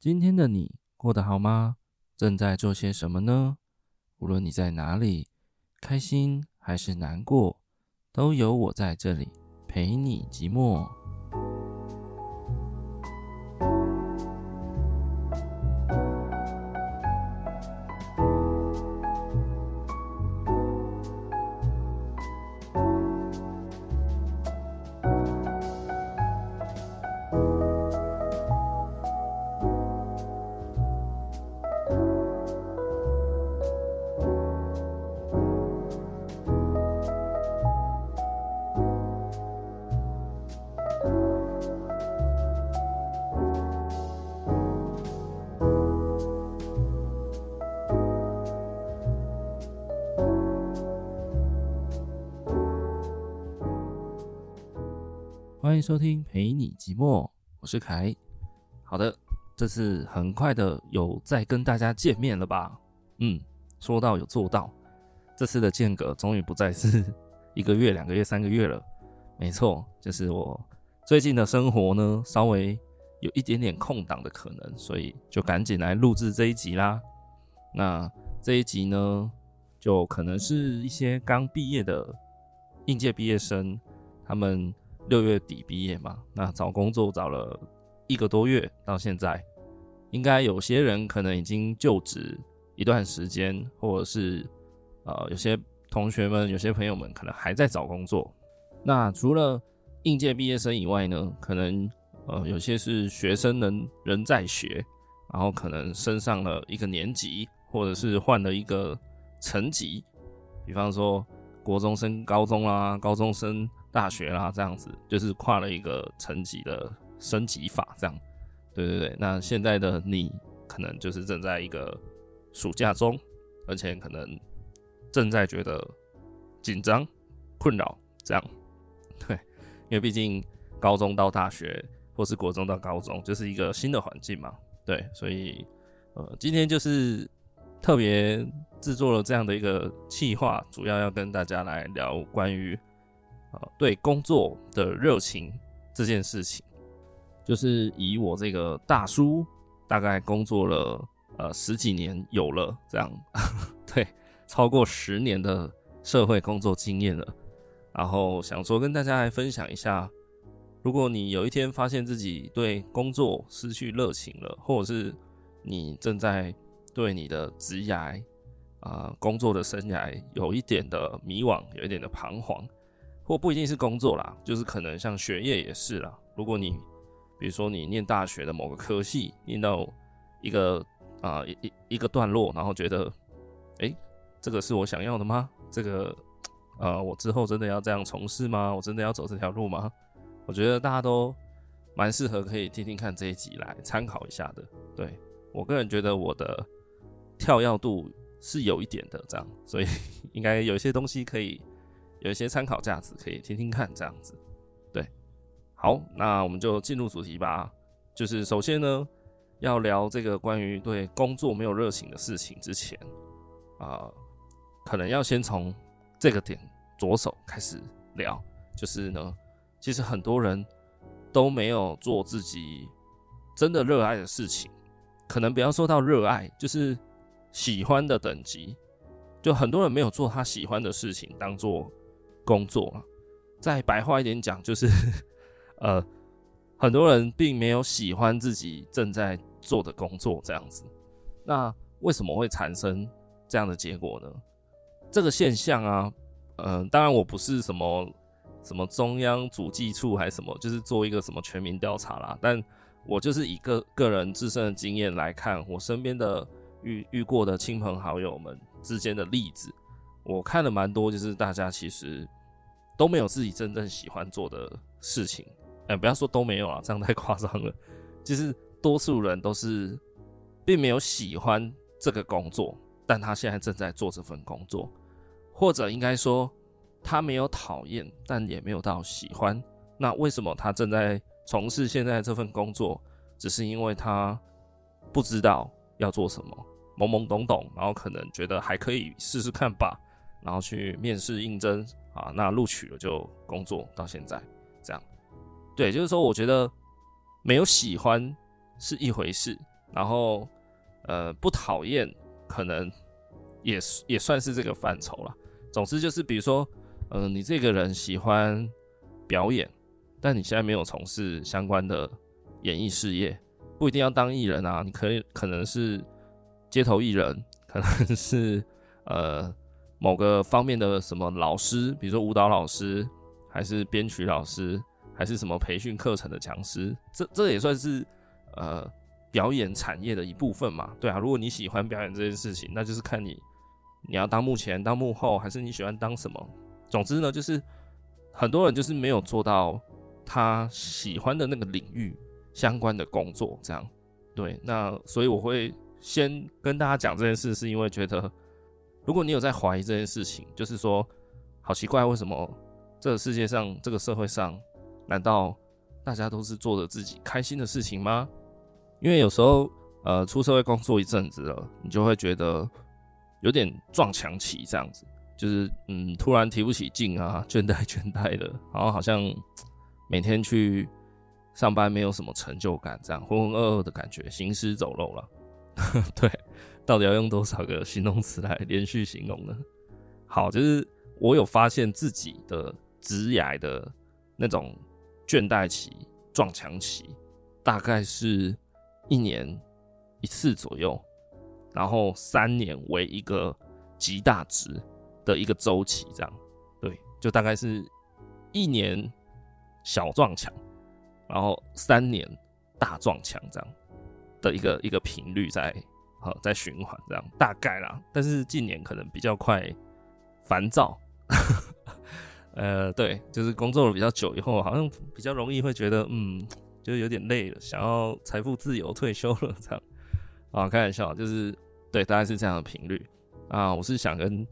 今天的你過得好嗎？正在做些什麼呢？無論你在哪裡，開心還是難過，都有我在這裡陪你寂寞。收聽陪你寂寞，我是凱。好的，這次很快的有再跟大家見面了吧？嗯，說到有做到。這次的間隔終於不再是一個月、兩個月、三個月了。沒錯，就是我最近的生活呢，稍微有一點點空檔的可能，所以就趕緊來錄製這一集啦。那這一集呢，就可能是一些剛畢業的應屆畢業生，他們。六月底畢業嘛，那找工作找了一個多月，到現在，應該有些人可能已經就職一段時間，或者是呃，有些同學們、有些朋友們可能還在找工作。那除了應屆畢業生以外呢，可能呃，有些是學生人人在學，然後可能升上了一個年級，或者是換了一個層級，比方說國中升高中啦、啊，高中升。大學啦，這樣子就是跨了一個層級的升級法，這樣，對對對。那現在的你可能就是正在一個暑假中，而且可能正在覺得緊張、困擾，這樣，對。因為畢竟高中到大學，或是國中到高中，就是一個新的環境嘛，對。所以，呃，今天就是特別製作了這樣的一個企劃，主要要跟大家來聊關於。呃、對工作的熱情這件事情，就是以我這個大叔，大概工作了呃十幾年，有了這樣呵呵對超過十年的社會工作經驗了，然後想說跟大家來分享一下，如果你有一天發現自己對工作失去熱情了，或者是你正在對你的職涯啊工作的生涯有一點的迷惘，有一點的彷徨。或不一定是工作啦，就是可能像學業也是啦。如果你，比如說你念大學的某個科系，念到一個啊、呃、一一個段落，然後覺得，誒、欸，這個是我想要的嗎？這個，啊、呃，我之後真的要這樣從事嗎？我真的要走這條路嗎？我覺得大家都蠻適合可以聽聽看這一集來參考一下的。對。我個人覺得我的跳躍度是有一點的，這樣，所以 應該有一些東西可以。有一些參考價值，可以聽聽看這樣子，對，好，那我們就進入主題吧。就是首先呢，要聊這個關於對工作沒有熱情的事情之前，啊，可能要先從這個點着手開始聊。就是呢，其實很多人都沒有做自己真的熱愛的事情，可能不要說到熱愛，就是喜歡的等級，就很多人沒有做他喜歡的事情，當做。工作了，再白話一點講，就是呵呵，呃，很多人並沒有喜歡自己正在做的工作這樣子。那為什麼會產生這樣的結果呢？這個現象啊，嗯、呃，當然我不是什麼什麼中央主計處還是什麼，就是做一個什麼全民調查啦。但我就是以個個人自身的經驗來看，我身邊的遇遇過的親朋好友們之間的例子，我看了蠻多，就是大家其實。都沒有自己真正喜歡做的事情，嗯、欸，不要說都沒有了，這樣太誇張了。其實多數人都是並沒有喜歡這個工作，但他現在正在做這份工作，或者應該說他沒有討厭，但也沒有到喜歡。那為什麼他正在從事現在這份工作？只是因為他不知道要做什麼，懵懵懂懂，然後可能覺得還可以試試看吧，然後去面試應徵。啊，那錄取了就工作到現在，這樣，對，就是說，我覺得沒有喜歡是一回事，然後，呃，不討厭可能也是也算是這個範疇了。總之就是，比如說，嗯、呃，你這個人喜歡表演，但你現在沒有從事相關的演藝事業，不一定要當藝人啊，你可以可能是街頭藝人，可能是呃。某個方面的什麼老師，比如說舞蹈老師，還是編曲老師，還是什麼培訓課程的講師，這這也算是呃表演產業的一部分嘛？對啊，如果你喜歡表演這件事情，那就是看你你要當幕前當幕後，還是你喜歡當什麼？總之呢，就是很多人就是沒有做到他喜歡的那個領域相關的工作，這樣對。那所以我會先跟大家講這件事，是因為覺得。如果你有在懷疑這件事情，就是說，好奇怪，為什麼這個世界上，這個社會上，難道大家都是做着自己開心的事情嗎？因為有時候，呃，出社會工作一陣子了，你就會覺得有點撞牆期，這樣子，就是嗯，突然提不起勁啊，倦怠倦怠的，然後好像每天去上班沒有什麼成就感，這樣渾渾噩噩的感覺，行屍走肉了呵呵，對。到底要用多少個形容詞來連續形容呢？好，就是我有發現自己的職業的那種倦怠期、撞牆期，大概是一年一次左右，然後三年為一個極大值的一個周期，這樣，對，就大概是一年小撞牆，然後三年大撞牆這樣的一個一個頻率在。好，在循環這樣大概啦，但是近年可能比較快煩躁， 呃，對，就是工作了比較久以後，好像比較容易會覺得，嗯，就是有點累了，想要財富自由退休了這樣。啊，開玩笑，就是對，大概是這樣的頻率啊。我是想跟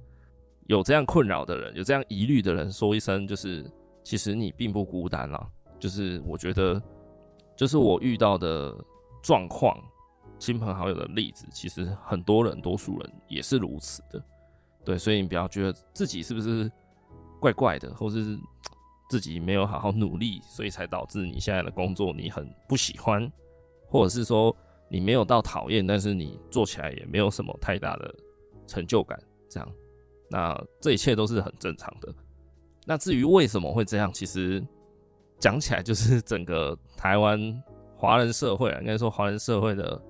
有這樣困擾的人，有這樣疑慮的人說一聲，就是其實你並不孤單啦，就是我覺得，就是我遇到的狀況。親朋好友的例子，其實很多人，多數人也是如此的，對，所以你不要覺得自己是不是怪怪的，或是自己沒有好好努力，所以才導致你現在的工作你很不喜歡，或者是說你沒有到討厭，但是你做起來也沒有什麼太大的成就感，這樣，那這一切都是很正常的。那至於為什麼會這樣，其實講起來就是整個台灣華人社會啊，應該說華人社會的。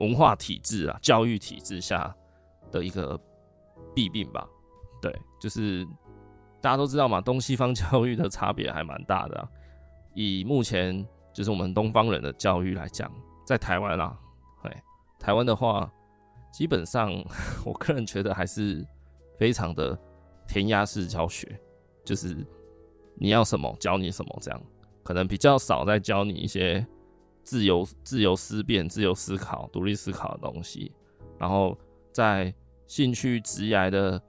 文化體制啊，教育體制下的一個弊病吧，對，就是大家都知道嘛，東西方教育的差別還蠻大的啊。以目前就是我們東方人的教育來講，在台灣啦，啊，對，台灣的話，基本上我個人覺得還是非常的填鴨式教學，就是你要什麼教你什麼這樣，可能比較少在教你一些。自由、自由思辨、自由思考、獨立思考的東西，然後在興趣職業的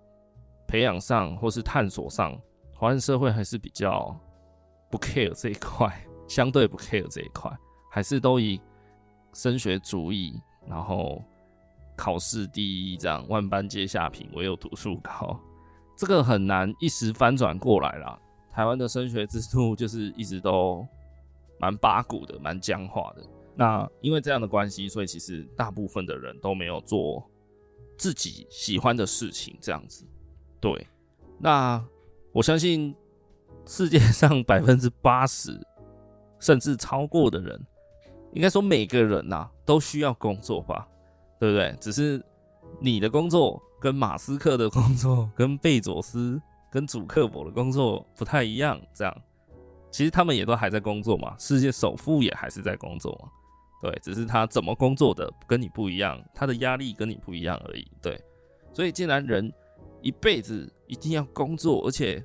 培養上或是探索上，台灣社會還是比較不 care 這一塊，相對不 care 這一塊，還是都以升學主義，然後考試第一這樣，萬般皆下品，唯有讀書高，這個很難一時翻轉過來啦。台灣的升學之路就是一直都，蠻八股的，蠻僵化的。那因為這樣的關係，所以其實大部分的人都沒有做自己喜歡的事情。這樣子，對。那我相信世界上百分之八十甚至超過的人，應該說每個人吶、啊、都需要工作吧，對不對？只是你的工作跟馬斯克的工作、跟貝佐斯、跟祖克伯的工作不太一樣，這樣。其實他們也都還在工作嘛，世界首富也還是在工作嘛，對，只是他怎麼工作的跟你不一樣，他的壓力跟你不一樣而已，對。所以，既然人一輩子一定要工作，而且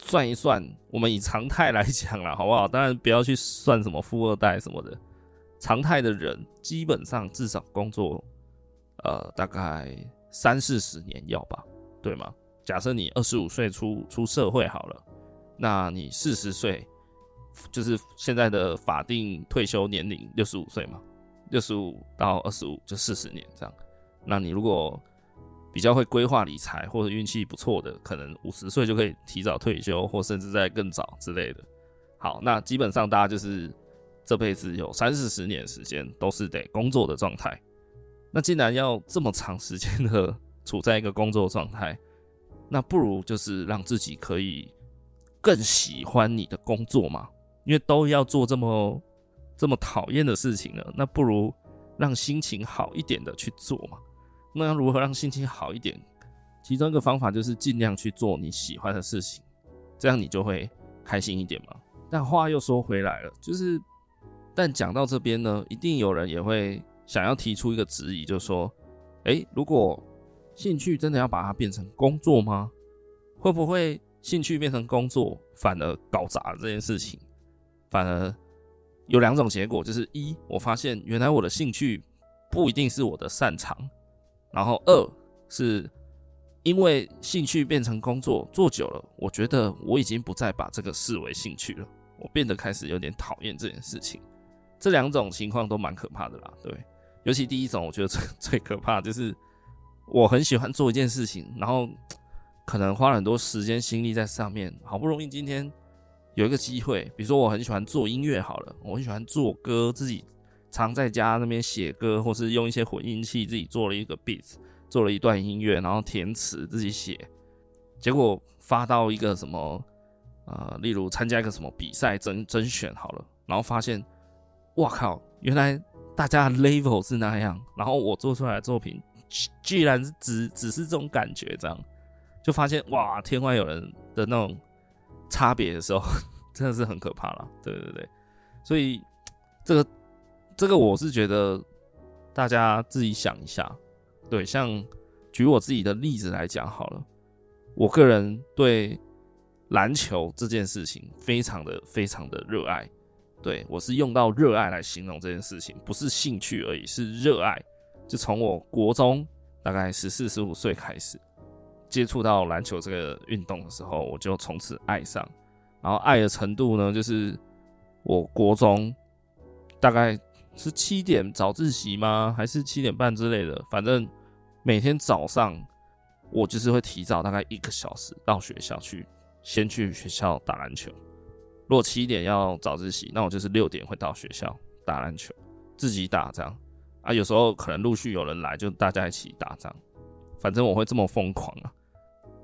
算一算，我們以常態來講啦，好不好？當然不要去算什麼富二代什麼的，常態的人基本上至少工作，呃，大概三四十年要吧，對嗎？假設你二十五歲出出社會好了。那你四十歲，就是現在的法定退休年齡六十五歲嘛，六十五到二十五就四十年這樣。那你如果比較會規劃理財或者運氣不錯的，可能五十歲就可以提早退休，或甚至在更早之類的。好，那基本上大家就是這輩子有三四十年時間都是得工作的狀態。那既然要這麼長時間的處在一個工作狀態，那不如就是讓自己可以更喜歡你的工作嗎？因為都要做這麼這麼討厭的事情了，那不如讓心情好一點的去做嘛。那要如何讓心情好一點？其中一個方法就是盡量去做你喜歡的事情，這樣你就會開心一點嘛。但話又說回來了，就是，但講到這邊呢，一定有人也會想要提出一個質疑，就說：欸，如果興趣真的要把它變成工作嗎？會不會？興趣變成工作，反而搞砸了這件事情，反而有兩種結果，就是一，我發現原來我的興趣不一定是我的擅長，然後二是因為興趣變成工作做久了，我覺得我已經不再把這個視為興趣了，我變得開始有點討厭這件事情。這兩種情況都蠻可怕的啦，對，尤其第一種，我覺得最最可怕就是我很喜歡做一件事情，然後。可能花了很多時間心力在上面，好不容易今天有一個機會，比如說我很喜歡做音樂好了，我很喜歡做歌，自己常在家那邊寫歌，或是用一些混音器自己做了一個 beats，做了一段音樂，然後填詞自己寫，結果發到一個什麼，呃，例如參加一個什麼比賽徵徵選好了，然後發現，我靠，原來大家的 level 是那樣，然後我做出來的作品，居然是只只是這種感覺這樣。就發現哇，天外有人的那種差別的時候，真的是很可怕啦。對對對，所以這個這個，我是覺得大家自己想一下。對，像舉我自己的例子來講好了，我個人對籃球這件事情非常的非常的熱愛。對，我是用到熱愛來形容這件事情，不是興趣而已，是熱愛。就從我國中大概十四十五歲開始，接觸到籃球這個運動的時候，我就從此愛上。然後愛的程度呢，就是我國中大概是七點早自習嗎？還是七點半之類的？反正每天早上我就是會提早大概一個小時到學校去，先去學校打籃球。如果七點要早自習，那我就是六點會到學校打籃球，自己打這樣。啊，有時候可能陸續有人來，就大家一起打這樣。反正我會這麼瘋狂啊！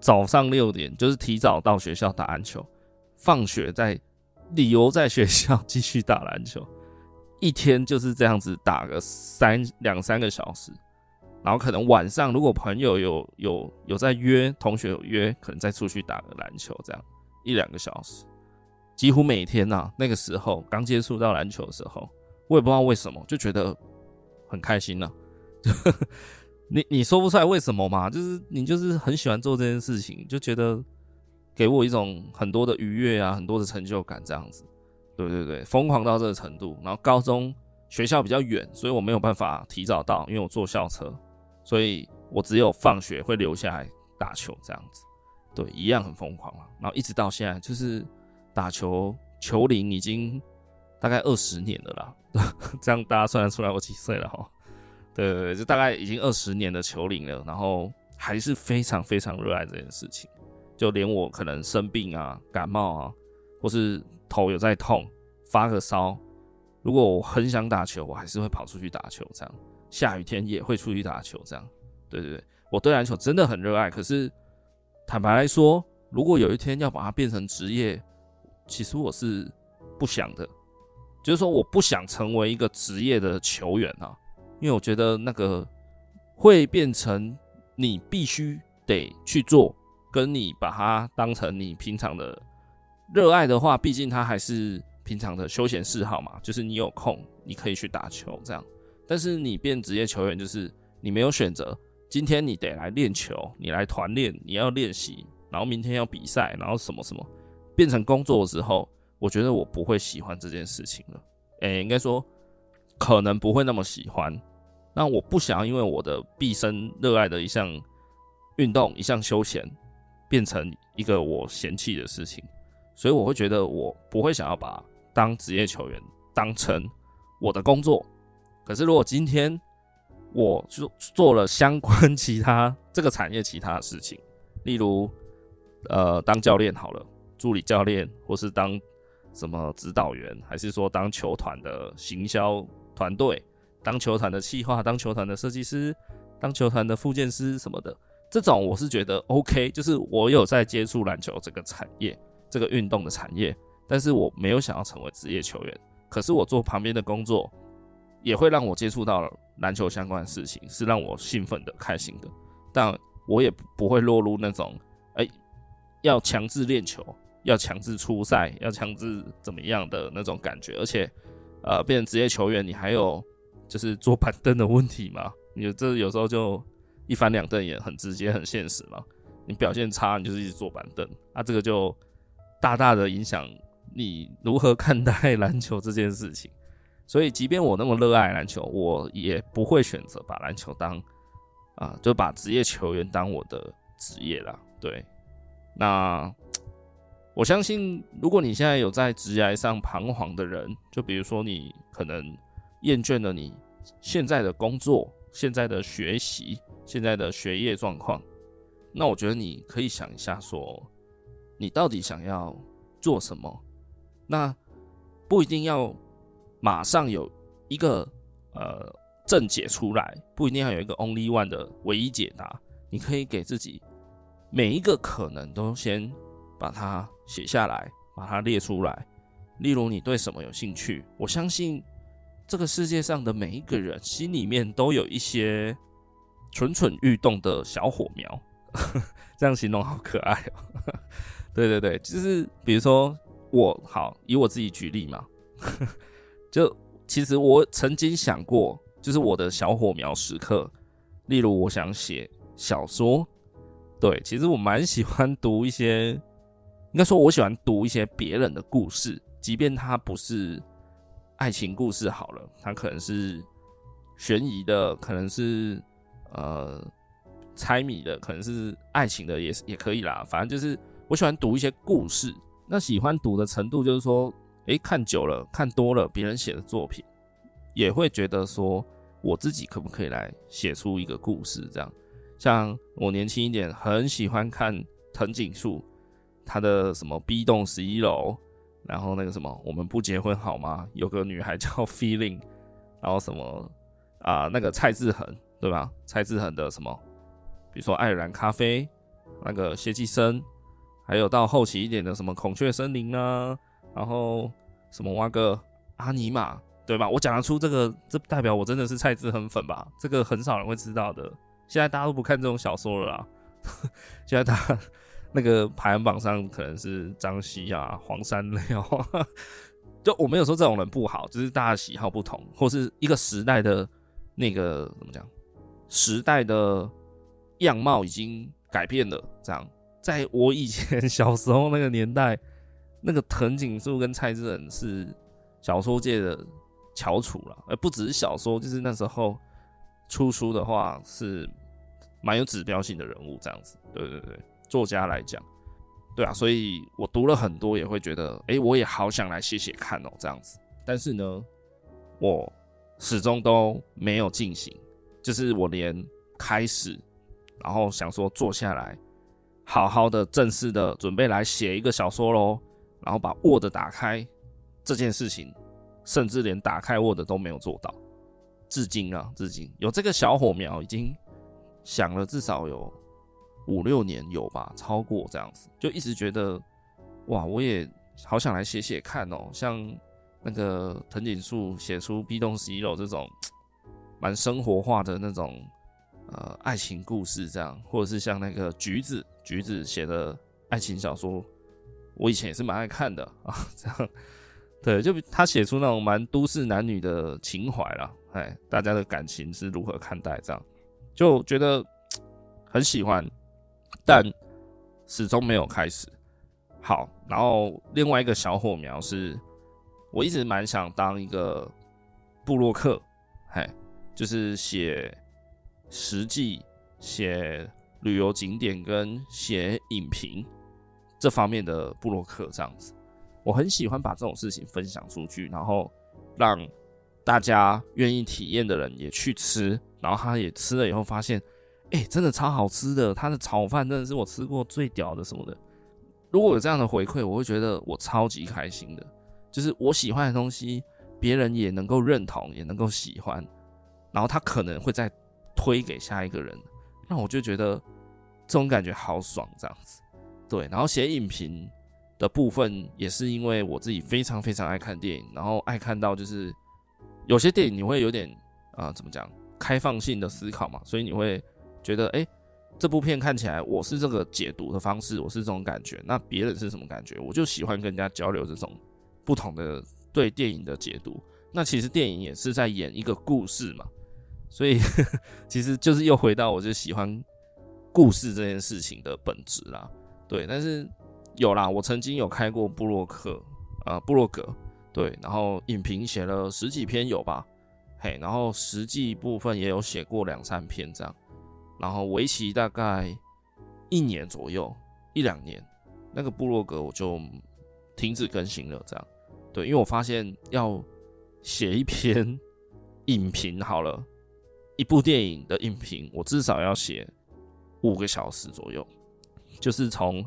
早上六點就是提早到學校打籃球，放學再，留在學校繼續打籃球，一天就是這樣子打個三兩三個小時，然後可能晚上如果朋友有有有在約同學有約，可能再出去打個籃球這樣一兩個小時，幾乎每天吶、啊，那個時候剛接觸到籃球的時候，我也不知道為什麼就覺得很開心呢、啊。 你你說不出來為什麼嗎？就是你就是很喜歡做這件事情，就覺得給我一種很多的愉悅啊，很多的成就感這樣子，對對對，瘋狂到這個程度。然後高中學校比較遠，所以我沒有辦法提早到，因為我坐校車，所以我只有放學會留下來打球這樣子，對，一樣很瘋狂啊。然後一直到現在，就是打球球齡已經大概二十年了啦，這樣大家算得出來我幾歲了齁。對對對，就大概已經二十年的球齡了，然後還是非常非常熱愛這件事情。就連我可能生病啊、感冒啊，或是頭有在痛、發個燒，如果我很想打球，我還是會跑出去打球，這樣。下雨天也會出去打球。這樣，對對對，我對籃球真的很熱愛。可是坦白來說，如果有一天要把它變成職業，其實我是不想的。就是說，我不想成為一個職業的球員啊。因為我覺得那個會變成你必須得去做，跟你把它當成你平常的熱愛的話，畢竟它還是平常的休閒嗜好嘛。就是你有空你可以去打球這樣，但是你變職業球員，就是你沒有選擇。今天你得來練球，你來團練，你要練習，然後明天要比賽，然後什麼什麼變成工作的時候，我覺得我不會喜歡這件事情了。誒、欸，應該說可能不會那麼喜歡。那我不想要因為我的畢生熱愛的一項運動、一項休閒，變成一個我嫌棄的事情，所以我會覺得我不會想要把當職業球員當成我的工作。可是如果今天我做做了相關其他這個產業其他的事情，例如呃當教練好了，助理教練，或是當什麼指導員，還是說當球團的行銷團隊，當球團的企劃，當球團的設計師，當球團的復健師什麼的。這種我是覺得 OK。就是我有在接觸籃球這個產業，這個運動的產業，但是我沒有想要成為職業球員。可是我做旁邊的工作，也會讓我接觸到籃球相關的事情，是讓我興奮的、開心的。但我也不會落入那種哎、欸、要強制練球、要強制出賽、要強制怎麼樣的那種感覺。而且，呃，變成職業球員，你還有。就是坐板凳的問題嘛，你這有時候就一翻兩瞪眼也很直接、很現實嘛。你表現差，你就是一直坐板凳，那、啊、這個就大大的影響你如何看待籃球這件事情。所以，即便我那麼熱愛籃球，我也不會選擇把籃球當啊，就把職業球員當我的職業啦。對，那我相信，如果你現在有在職業上彷徨的人，就比如說你可能。厭倦了你現在的工作，現在的學習，現在的學業狀況，那我覺得你可以想一下說，說你到底想要做什麼？那不一定要馬上有一個呃正解出來，不一定要有一個 only one 的唯一解答。你可以給自己每一個可能都先把它寫下來，把它列出來。例如，你對什麼有興趣？我相信。這個世界上的每一個人心裡面都有一些蠢蠢欲動的小火苗， 這樣形容好可愛哦、喔。 對對對，就是比如說我好，以我自己舉例嘛， 就其實我曾經想過，就是我的小火苗時刻，例如我想寫小說。對，其實我蠻喜歡讀一些，應該說我喜歡讀一些別人的故事，即便他不是。愛情故事好了，它可能是懸疑的，可能是呃猜謎的，可能是愛情的也是，也也可以啦。反正就是我喜歡讀一些故事，那喜歡讀的程度就是說，誒、欸，看久了、看多了別人寫的作品，也會覺得說，我自己可不可以來寫出一個故事？這樣，像我年輕一點，很喜歡看藤井樹，他的什麼 B 棟十一樓。然後那個什麼，我們不結婚好嗎？有個女孩叫 Feeling，然後什麼啊、呃？那個蔡智恆對吧？蔡智恆的什麼？比如說愛爾蘭咖啡，那個檞寄生，還有到後期一點的什麼孔雀森林啊，然後什麼挖個阿尼瑪對吧？我講得出這個，這代表我真的是蔡智恆粉吧？這個很少人會知道的。現在大家都不看這種小說了啦！ 現在大家。那個排行榜上可能是張西啊、黃山料， 就我沒有說這種人不好，就是大家喜好不同，或是一個時代的那個怎麼講，時代的樣貌已經改變了。這樣，在我以前小時候那個年代，那個藤井樹跟蔡智恆是小說界的翹楚了，而不只是小說，就是那時候出書的話是蠻有指標性的人物，這樣子。對對對。作家來講，對啊，所以我讀了很多，也會覺得，誒、欸，我也好想來寫寫看哦、喔，這樣子。但是呢，我始終都沒有進行，就是我連開始，然後想說坐下來，好好的正式的準備來寫一個小說嘍，然後把 Word 打開這件事情，甚至連打開 Word 都沒有做到。至今啊，至今有這個小火苗已經想了至少有，五六年，有吧，超過，這樣子，就一直覺得哇，我也好想來寫寫看哦、喔。像那個藤井樹寫出《B 棟11樓》這種蠻生活化的那種呃愛情故事，這樣，或者是像那個橘子橘子寫的愛情小說，我以前也是蠻愛看的啊。這樣，對，就他寫出那種蠻都市男女的情懷啦，哎，大家的感情是如何看待？這樣，就覺得很喜歡。但始終沒有開始。好，然後另外一個小火苗是，我一直蠻想當一個部落客，嘿，就是寫食記，寫旅遊景點跟寫影評這方面的部落客這樣子。我很喜歡把這種事情分享出去，然後讓大家願意體驗的人也去吃，然後他也吃了以後發現。誒、欸，真的超好吃的！他的炒飯真的是我吃過最屌的什麼的。如果有這樣的回饋，我會覺得我超級開心的。就是我喜歡的東西，別人也能夠認同，也能夠喜歡，然後他可能會再推給下一個人，那我就覺得這種感覺好爽。這樣子，對。然後寫影評的部分，也是因為我自己非常非常愛看電影，然後愛看到就是有些電影你會有點啊、呃，怎麼講，開放性的思考嘛，所以你會。覺得哎、欸，這部片看起來我是這個解讀的方式，我是這種感覺，那別人是什麼感覺？我就喜歡跟人家交流這種不同的對電影的解讀。那其實電影也是在演一個故事嘛，所以呵呵其實就是又回到我就喜歡故事這件事情的本質啦。對，但是有啦，我曾經有開過部落客啊，部、呃、落格，對，然後影評寫了十幾篇有吧？嘿，然後實際部分也有寫過兩三篇這樣。然後為期大概一年左右，一兩年，那個部落格我就停止更新了。這樣，對，因為我發現要寫一篇影評，好了，一部電影的影評，我至少要寫五個小時左右，就是從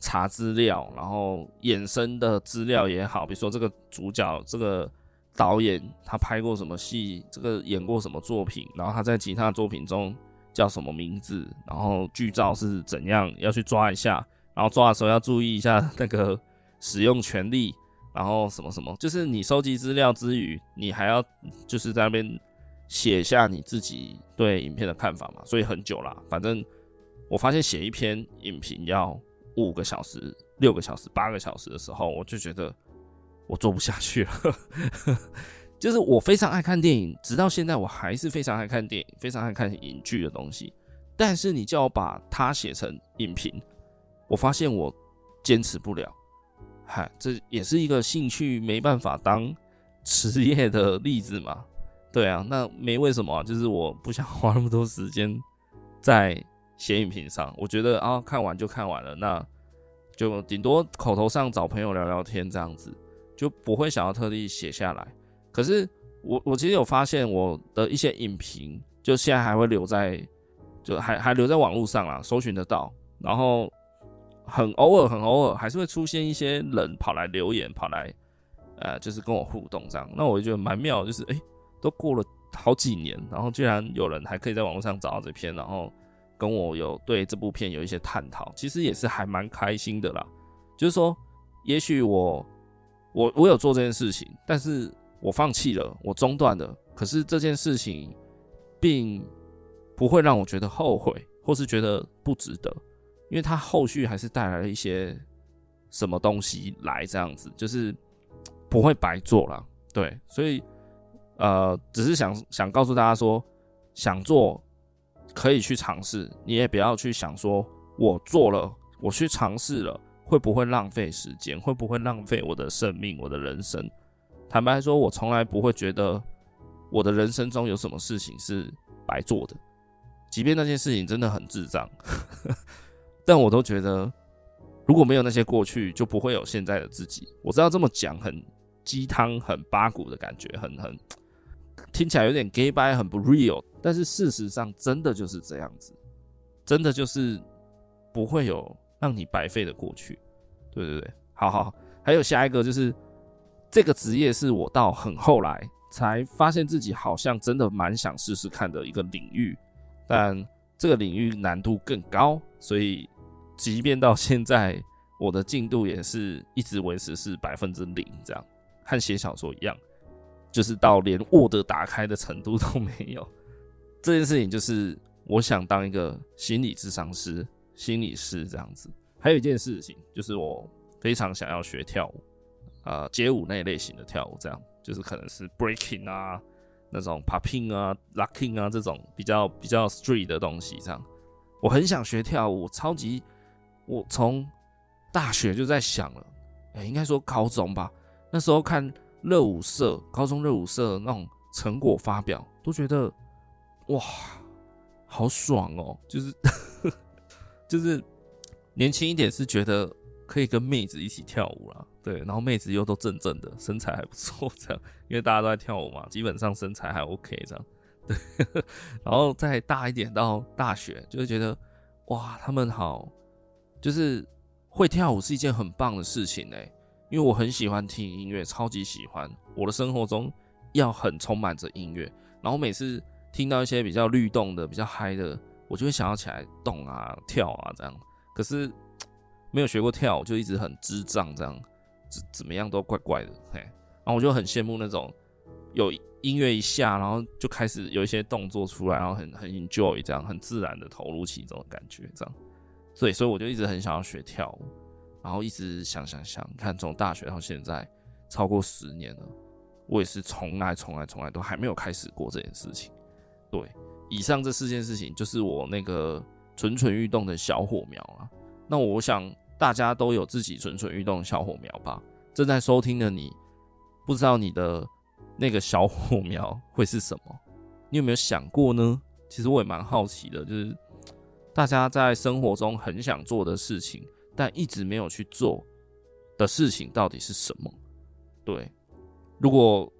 查資料，然後衍生的資料也好，比如說這個主角、這個導演他拍過什麼戲，這個演過什麼作品，然後他在其他作品中。叫什麼名字？然後劇照是怎樣？要去抓一下。然後抓的時候要注意一下那個使用權利。然後什麼什麼，就是你收集資料之餘，你還要就是在那邊寫下你自己對影片的看法嘛。所以很久啦，反正我發現寫一篇影評要五個小時、六個小時、八個小時的時候，我就覺得我做不下去了。就是我非常愛看電影，直到現在我還是非常愛看電影，非常愛看影劇的東西。但是你叫我把它寫成影評，我發現我堅持不了。嗨，這也是一個興趣沒辦法當職業的例子嘛？對啊，那沒為什麼啊，就是我不想花那麼多時間在寫影評上。我覺得啊，看完就看完了，那就頂多口頭上找朋友聊聊天這樣子，就不會想要特地寫下來。可是我，我我其實有發現我的一些影評，就現在還會留在，就還還留在網絡上啦，搜尋得到。然後很偶爾，很偶爾，還是會出現一些人跑來留言，跑來，呃，就是跟我互動這樣。那我就覺得蠻妙，就是，誒、欸，都過了好幾年，然後居然有人還可以在網絡上找到這篇，然後跟我有對這部片有一些探討，其實也是還蠻開心的啦。就是說也，也許我我我有做這件事情，但是。我放棄了，我中斷了，可是這件事情並不會讓我覺得後悔，或是覺得不值得，因為它後續還是帶來了一些什麼東西來，這樣子就是不會白做了。對，所以呃，只是想想告訴大家說，想做可以去嘗試，你也不要去想說我做了，我去嘗試了，會不會浪費時間，會不會浪費我的生命，我的人生。坦白說，我從來不會覺得我的人生中有什麼事情是白做的，即便那件事情真的很智障， 但我都覺得如果沒有那些過去，就不會有現在的自己。我知道這麼講，很雞湯，很八股的感覺，很很聽起來有點 gay 掰，很不 real。但是事實上，真的就是這樣子，真的就是不會有讓你白費的過去。對對對，好好好，還有下一個就是。這個職業是我到很後來才發現自己好像真的蠻想試試看的一個領域，但這個領域難度更高，所以即便到現在我的進度也是一直維持是百分之零，這樣和寫小說一樣，就是到連 Word 打開的程度都沒有。這件事情就是我想當一個心理諮商師、心理師這樣子。還有一件事情就是我非常想要學跳舞。啊、呃，街舞那一類型的跳舞，這樣，就是可能是 breaking 啊，那種 popping 啊、locking 啊這種比較比較 street 的東西，這樣。我很想學跳舞，超級，我從大學就在想了，哎、欸，應該說高中吧，那時候看熱舞社，高中熱舞社那種成果發表，都覺得哇，好爽哦、喔，就是 就是年輕一點是覺得。可以跟妹子一起跳舞啦，對，然後妹子又都正正的，身材還不錯，這樣，因為大家都在跳舞嘛，基本上身材還 OK 這樣，對， 然後再大一點到大學，就會覺得哇，他們好，就是會跳舞是一件很棒的事情哎、欸，因為我很喜歡聽音樂，超級喜歡，我的生活中要很充滿着音樂，然後每次聽到一些比較律動的、比較嗨的，我就會想要起來動啊、跳啊這樣，可是。沒有學過跳舞，就一直很智障，這樣怎怎麼樣都怪怪的。嘿，然後我就很羨慕那種有音樂一下，然後就開始有一些動作出來，然後很很 enjoy，這樣很自然的投入其中的感覺。這樣，所以所以我就一直很想要學跳舞，然後一直想想想，看從大學到現在超過十年了，我也是從來從來從來都還沒有開始過這件事情。對，以上這四件事情就是我那個蠢蠢欲動的小火苗了。那我想，大家都有自己蠢蠢欲動的小火苗吧？正在收聽的你，不知道你的那個小火苗會是什麼？你有沒有想過呢？其實我也蠻好奇的，就是大家在生活中很想做的事情，但一直沒有去做的事情，到底是什麼？對，如果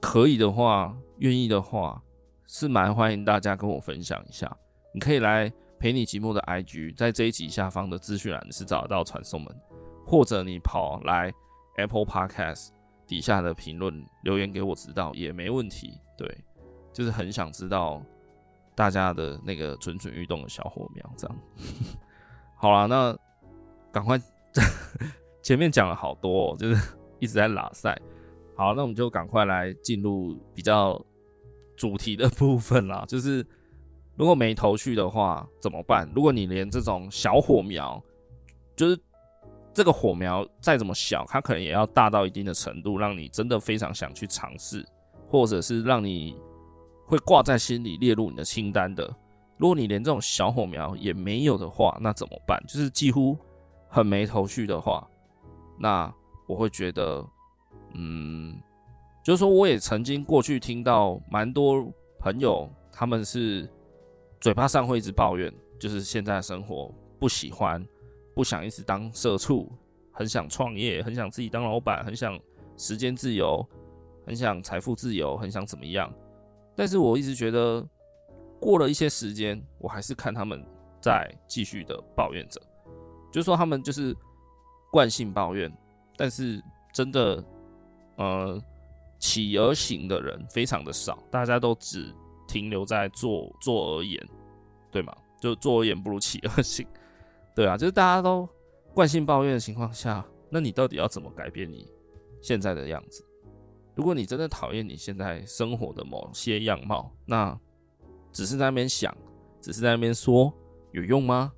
可以的話，願意的話，是蠻歡迎大家跟我分享一下。你可以來。陪你寂寞的 IG 在這一集下方的資訊欄是找得到傳送門，或者你跑來 Apple Podcast 底下的評論留言給我知道也沒問題。對，就是很想知道大家的那個蠢蠢欲動的小火苗。這樣 好了、啊，那趕快 前面講了好多、喔，就是一直在喇賽。好、啊，那我們就趕快來進入比較主題的部分啦，就是。如果沒頭緒的話怎麼辦？如果你連這種小火苗，就是這個火苗再怎麼小，它可能也要大到一定的程度，讓你真的非常想去嘗試，或者是讓你會掛在心裡列入你的清單的。如果你連這種小火苗也沒有的話，那怎麼辦？就是幾乎很沒頭緒的話，那我會覺得，嗯，就是說我也曾經過去聽到蠻多朋友他們是。嘴巴上會一直抱怨，就是現在生活不喜歡，不想一直當社畜，很想創業，很想自己當老板，很想時間自由，很想財富自由，很想怎麼樣。但是我一直覺得，過了一些時間，我還是看他們在繼續的抱怨着，就說他們就是慣性抱怨，但是真的，呃，起而行的人非常的少，大家都只。停留在坐，坐而言，對嗎？就坐而言不如起而行，對啊，就是大家都慣性抱怨的情況下，那你到底要怎麼改變你現在的樣子？如果你真的討厭你現在生活的某些樣貌，那只是在那邊想，只是在那邊說有用嗎？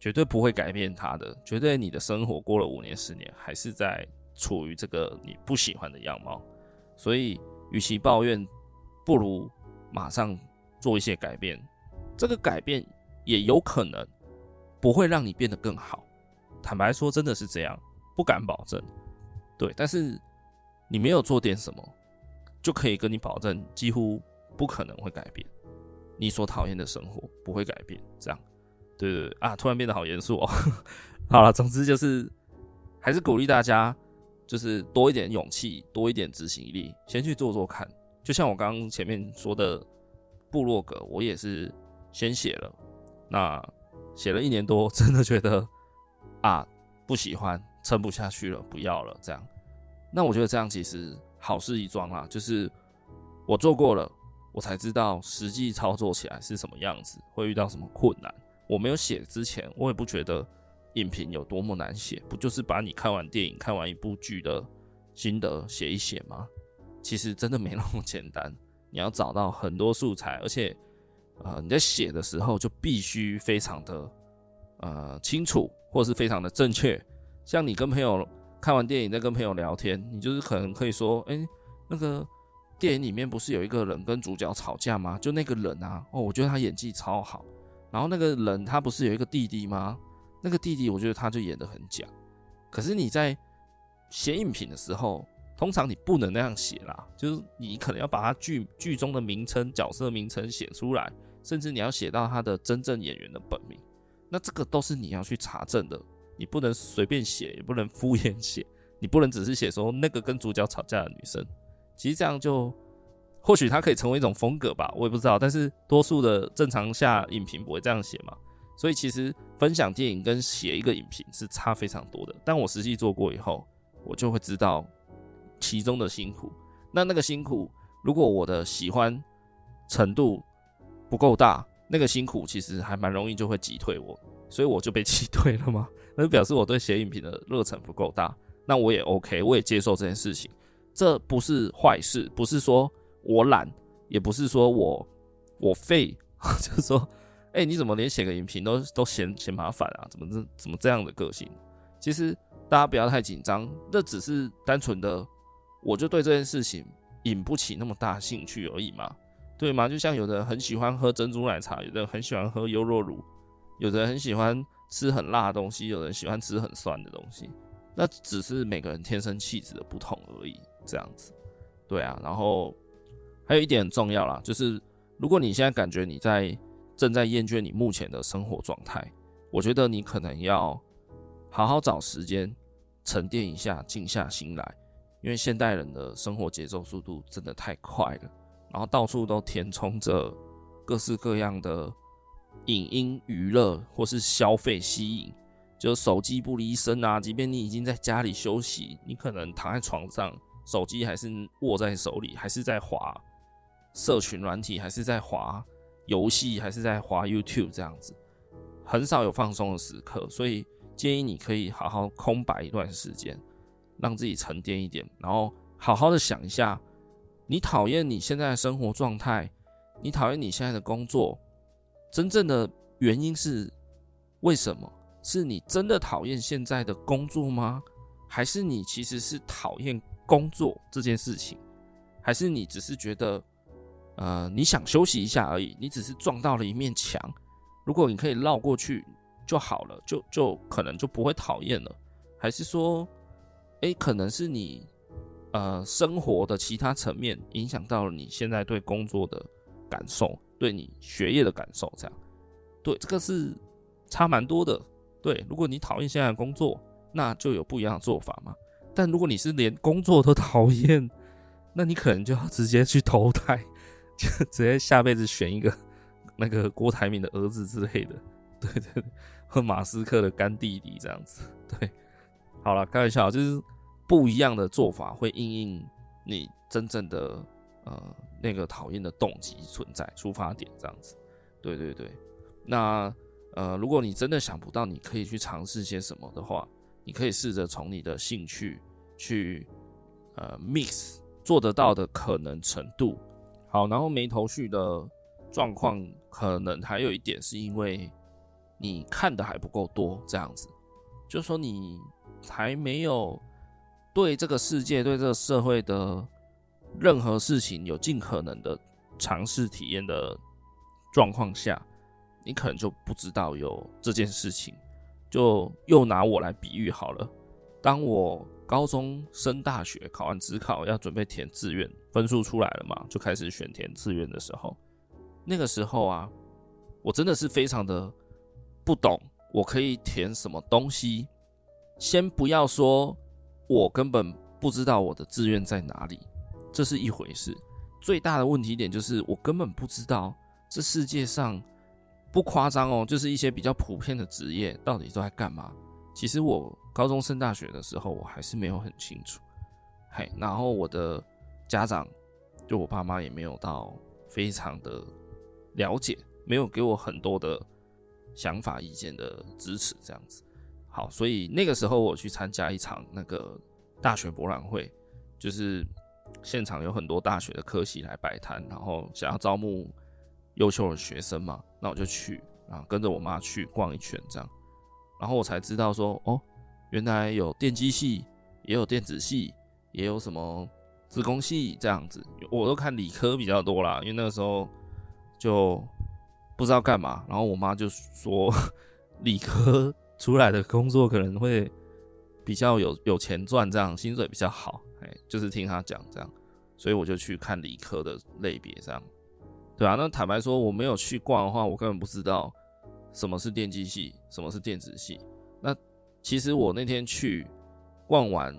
絕對不會改變它的，絕對你的生活過了五年、十年，還是在處於這個你不喜歡的樣貌。所以，與其抱怨，不如。馬上做一些改變，這個改變也有可能不會讓你變得更好。坦白說，真的是這樣，不敢保證。對，但是你沒有做點什麼，就可以跟你保證，幾乎不可能會改變你所討厭的生活，不會改變。這樣，對對對，啊，突然變得好嚴肅哦。 好了，總之就是還是鼓勵大家，就是多一點勇氣，多一點執行力，先去做做看。就像我剛剛前面說的，部落格我也是先寫了，那寫了一年多，真的覺得啊不喜歡，撐不下去了，不要了這樣。那我覺得這樣其實好事一樁啦，就是我做過了，我才知道實際操作起來是什麼樣子，會遇到什麼困難。我沒有寫之前，我也不覺得影評有多麼難寫，不就是把你看完電影、看完一部劇的心得寫一寫嗎？其實真的沒那麼簡單，你要找到很多素材，而且，呃，你在寫的時候就必須非常的呃清楚，或是非常的正確。像你跟朋友看完電影再跟朋友聊天，你就是可能可以說，哎，那個電影裡面不是有一個人跟主角吵架嗎？就那個人啊，哦，我覺得他演技超好。然後那個人他不是有一個弟弟嗎？那個弟弟我覺得他就演得很假。可是你在寫影評的時候，通常你不能那樣寫啦，就是你可能要把它劇劇中的名稱、角色名稱寫出來，甚至你要寫到他的真正演員的本名。那這個都是你要去查證的，你不能隨便寫，也不能敷衍寫，你不能只是寫說那個跟主角吵架的女生。其實這樣就或許它可以成為一種風格吧，我也不知道。但是多數的正常下影評不會這樣寫嘛，所以其實分享電影跟寫一個影評是差非常多的。但我實際做過以後，我就會知道其中的辛苦，那那個辛苦，如果我的喜歡程度不夠大，那個辛苦其實還蠻容易就會擊退我，所以我就被擊退了嘛，那就表示我對寫影評的熱忱不夠大，那我也 OK，我也接受這件事情，這不是壞事，不是說我懶，也不是說我我廢， 就是說，欸，你怎麼連寫個影評都都嫌嫌麻煩啊？怎麼這怎麼這樣的個性？其實大家不要太緊張，這只是單純的。我就對這件事情引不起那麼大興趣而已嘛，對嗎？就像有的人很喜歡喝珍珠奶茶，有的人很喜歡喝優酪乳，有的人很喜歡吃很辣的東西，有的人喜歡吃很酸的東西，那只是每個人天生氣質的不同而已。這樣子，對啊。然後還有一點很重要啦，就是如果你現在感覺你在正在厭倦你目前的生活狀態，我覺得你可能要好好找時間沉澱一下，靜下心來。因為現代人的生活節奏速度真的太快了，然後到處都填充着各式各樣的影音娛樂或是消費吸引，就手機不離身啊。即便你已經在家裡休息，你可能躺在床上，手機還是握在手裡，還是在滑社群軟體，還是在滑遊戲，還是在滑 YouTube 這樣子，很少有放鬆的時刻。所以建議你可以好好空白一段時間。讓自己沉澱一點，然後好好的想一下，你討厭你現在的生活狀態，你討厭你現在的工作，真正的原因是為什麼？是你真的討厭現在的工作嗎？還是你其實是討厭工作這件事情？還是你只是覺得，呃，你想休息一下而已，你只是撞到了一面牆，如果你可以繞過去就好了，就就可能就不會討厭了，還是說，誒，可能是你，呃，生活的其他層面影響到了你現在對工作的感受，對你學業的感受，這樣，對，這個是差蠻多的。對，如果你討厭現在的工作，那就有不一樣的做法嘛。但如果你是連工作都討厭，那你可能就要直接去投胎，就直接下輩子選一個那個郭台銘的兒子之類的，對對對，或馬斯克的乾弟弟這樣子，對。好了，開玩笑，就是不一樣的做法會因應你真正的呃那個討厭的動機存在出發點這樣子，對對對。那呃，如果你真的想不到，你可以去嘗試些什麼的話，你可以試着從你的興趣去呃 mix 做得到的可能程度。好，然後沒頭緒的狀況，可能還有一點是因為你看的還不夠多這樣子，就是說你。還沒有對這個世界、對這個社會的任何事情有盡可能的嘗試體驗的狀況下，你可能就不知道有這件事情。就又拿我來比喻好了。當我高中升大學，考完指考要準備填志願，分數出來了嘛，就開始選填志願的時候，那個時候啊，我真的是非常的不懂，我可以填什麼東西。先不要說，我根本不知道我的志願在哪裡，這是一回事。最大的問題點就是，我根本不知道這世界上不誇張哦，就是一些比較普遍的職業到底都在幹嘛。其實我高中升大學的時候，我還是沒有很清楚。嘿，然後我的家長，就我爸媽也沒有到非常的了解，沒有給我很多的想法、意見的支持，這樣子。好，所以那個時候我去參加一場那個大學博覽會，就是現場有很多大學的科系來擺攤，然後想要招募優秀的學生嘛。那我就去啊，然後跟着我媽去逛一圈，這樣，然後我才知道說，哦，原來有電機系，也有電子系，也有什麼資工系這樣子。我都看理科比較多啦，因為那個時候就不知道幹嘛，然後我媽就說 理科。出來的工作可能會比較有有錢賺，這樣薪水比較好，欸，就是聽他講這樣，所以我就去看理科的類別這樣，對啊，那坦白說，我沒有去逛的話，我根本不知道什麼是電機系，什麼是電子系。那其實我那天去逛完，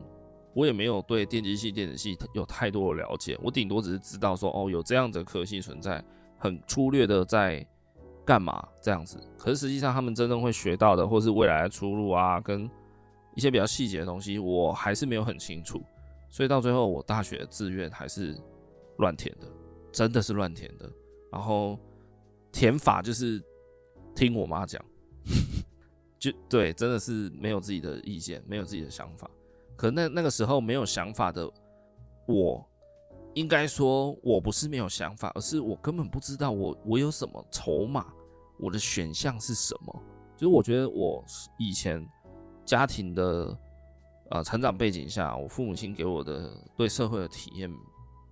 我也沒有對電機系、電子系有太多的了解。我頂多只是知道說，哦，有這樣的科系存在，很粗略的在。幹嘛這樣子？可是實際上，他們真正會學到的，或是未來的出路啊，跟一些比較細節的東西，我還是沒有很清楚。所以到最後，我大學的志願還是亂填的，真的是亂填的。然後填法就是聽我媽講，就對，真的是沒有自己的意見，沒有自己的想法。可那那個時候沒有想法的我，應該說我不是沒有想法，而是我根本不知道我我有什麼籌碼。我的選項是什麼？就是我覺得我以前家庭的呃成長背景下，我父母親給我的對社會的體驗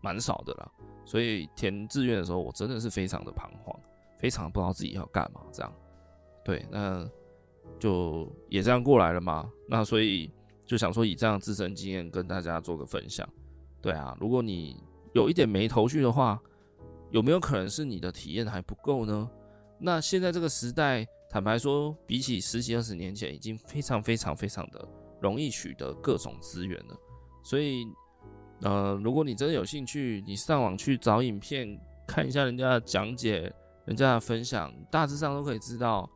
蠻少的啦，所以填志願的時候，我真的是非常的彷徨，非常不知道自己要幹嘛。這樣對，那就也這樣過來了嘛。那所以就想說，以這樣自身經驗跟大家做個分享。對啊，如果你有一點沒頭緒的話，有沒有可能是你的體驗還不夠呢？那現在這個時代，坦白說，比起十幾二十年前，已經非常非常非常的容易取得各種資源了。所以，呃，如果你真的有興趣，你上網去找影片看一下人家的講解、人家的分享，大致上都可以知道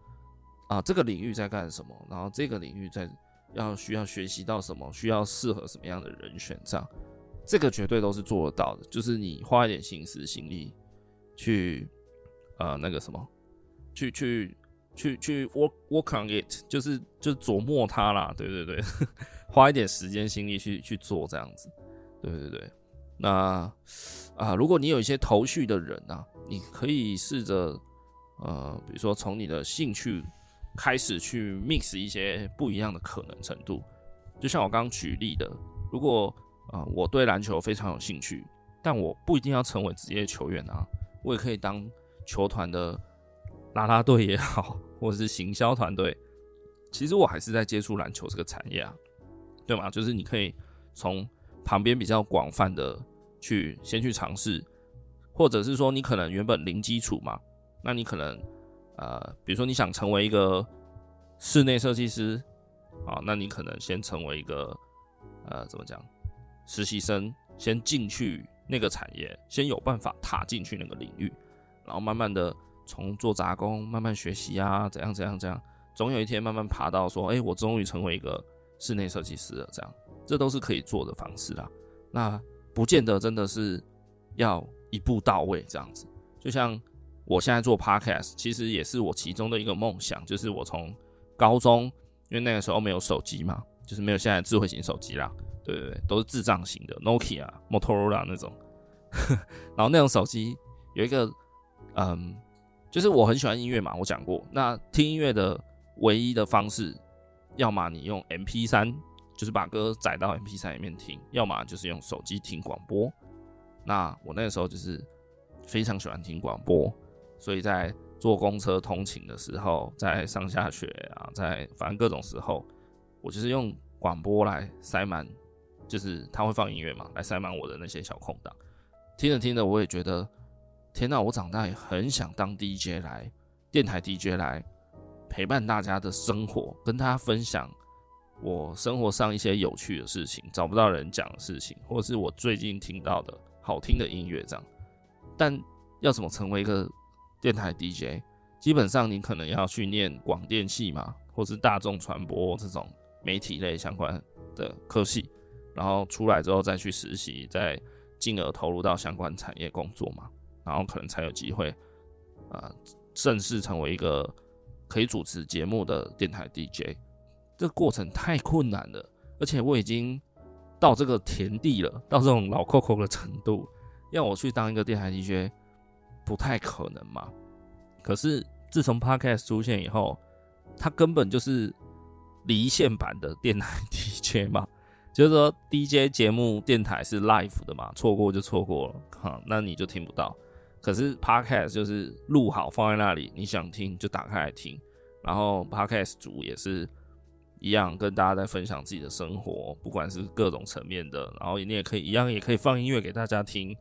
啊這個領域在幹什麼，然後這個領域在要需要學習到什麼，需要適合什麼樣的人選這樣，這個絕對都是做得到的。就是你花一點心思心力去，呃，那個什麼。去去去去 work work on it，就是就是琢磨它啦，對對對， 花一點時間心力去去做這樣子，對對對。那啊、呃，如果你有一些頭緒的人啊，你可以試着呃，比如說從你的興趣開始去 mix 一些不一樣的可能程度。就像我剛剛舉例的，如果啊、呃、我對籃球非常有興趣，但我不一定要成為職業的球員啊，我也可以當球團的。拉拉隊也好，或者是行銷團隊，其實我還是在接觸籃球這個產業啊，對嗎？就是你可以從旁邊比較廣泛的去先去嘗試，或者是說你可能原本零基礎嘛，那你可能呃，比如說你想成為一個室內設計師啊，那你可能先成為一個呃怎麼講實習生，先進去那個產業，先有辦法踏進去那個領域，然後慢慢的。從做雜工慢慢學習啊，怎樣怎樣怎樣，總有一天慢慢爬到說，哎、欸，我終於成為一個室內設計師了。這樣，這都是可以做的方式啦。那不見得真的是要一步到位這樣子。就像我現在做 Podcast，其實也是我其中的一個夢想，就是我從高中，因為那個時候沒有手機嘛，就是沒有現在智慧型手機啦。對對對，都是智障型的 Nokia、Motorola 那種。 然後那種手機有一個，嗯。就是我很喜歡音樂嘛，我講過。那聽音樂的唯一的方式，要麼你用 MP3，就是把歌載到 MP3 裡面聽；要麼就是用手機聽廣播。那我那個時候就是非常喜歡聽廣播，所以在坐公車通勤的時候，在上下學啊，在反正各種時候，我就是用廣播來塞滿，就是它會放音樂嘛，來塞滿我的那些小空檔。聽着聽着，我也覺得。天吶，我長大也很想當 DJ 來電台 DJ 來陪伴大家的生活，跟大家分享我生活上一些有趣的事情，找不到人講的事情，或者是我最近聽到的好聽的音樂這樣。但要怎麼成為一個電台 DJ？基本上你可能要去念廣電系嘛，或是大眾傳播這種媒體類相關的科系，然後出來之後再去實習，再進而投入到相關產業工作嘛。然後可能才有機會，啊、呃，正式成為一個可以主持節目的電臺 DJ，這個過程太困難了。而且我已經到這個田地了，到這種老扣扣的程度，要我去當一個電臺 DJ 不太可能嘛。可是自從 Podcast 出現以後，它根本就是離線版的電臺 DJ 嘛，就是說 DJ 節目電臺是 live 的嘛，錯過就錯過了，哈、嗯，那你就聽不到。.可是 Podcast 就是錄好放在那裡，你想聽就打開來聽。然後 Podcast 主也是一樣，跟大家在分享自己的生活，不管是各種層面的。然後你也可以一樣，也可以放音樂給大家聽。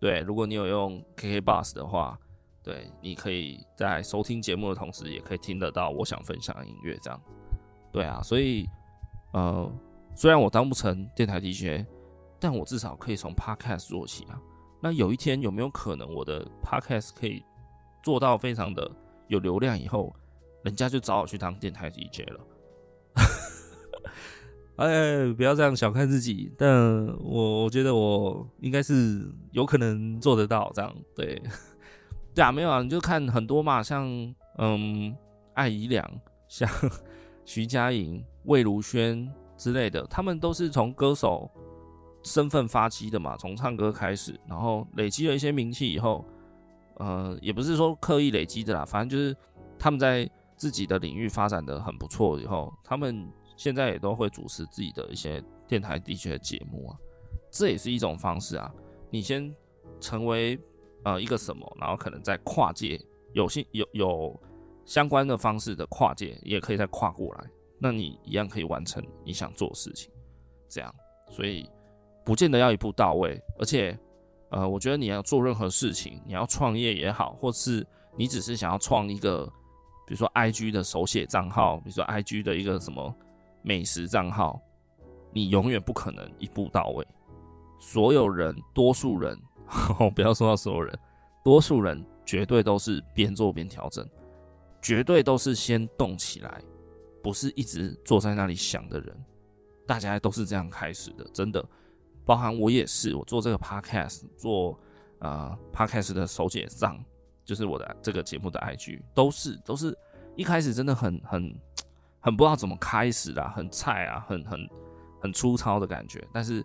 對，如果你有用 KKBOX 的話，對，你可以在收聽節目的同時，也可以聽得到我想分享的音樂。這樣，對啊。所以，呃，雖然我當不成電台 DJ，但我至少可以從 Podcast 做起啊。那有一天有沒有可能我的 podcast 可以做到非常的有流量？以後人家就找我去當電台 DJ 了？ 哎，哎，哎，不要這樣小看自己。但我我覺得我應該是有可能做得到這樣。對， 對啊，沒有啊，你就看很多嘛，像嗯，艾怡良、像徐佳瑩、魏如萱之類的，他們都是從歌手身份發跡的嘛，從唱歌開始，然後累積了一些名氣以後，呃，也不是說刻意累積的啦，反正就是他們在自己的領域發展得很不錯以後，他們現在也都會主持自己的一些電台地區的節目啊，這也是一種方式啊。你先成為呃一個什麼，然後可能再跨界有相有有相關的方式的跨界，也可以再跨過來，那你一樣可以完成你想做的事情，這樣，所以。不見得要一步到位，而且，呃，我覺得你要做任何事情，你要創業也好，或是你只是想要創一個，比如說 IG 的手寫賬號，比如說 IG 的一個什麼美食賬號，你永遠不可能一步到位。所有人，多數人，吼吼，不要說到所有人，多數人絕對都是邊做邊調整，絕對都是先動起來，不是一直坐在那裡想的人。大家都是這樣開始的，真的。包含我也是，我做這個 podcast，做呃 podcast 的手寫帳，就是我的這個節目的 IG，都是都是一開始真的很很很不知道怎麼開始啦，啊，很菜啊，很很很粗糙的感覺。但是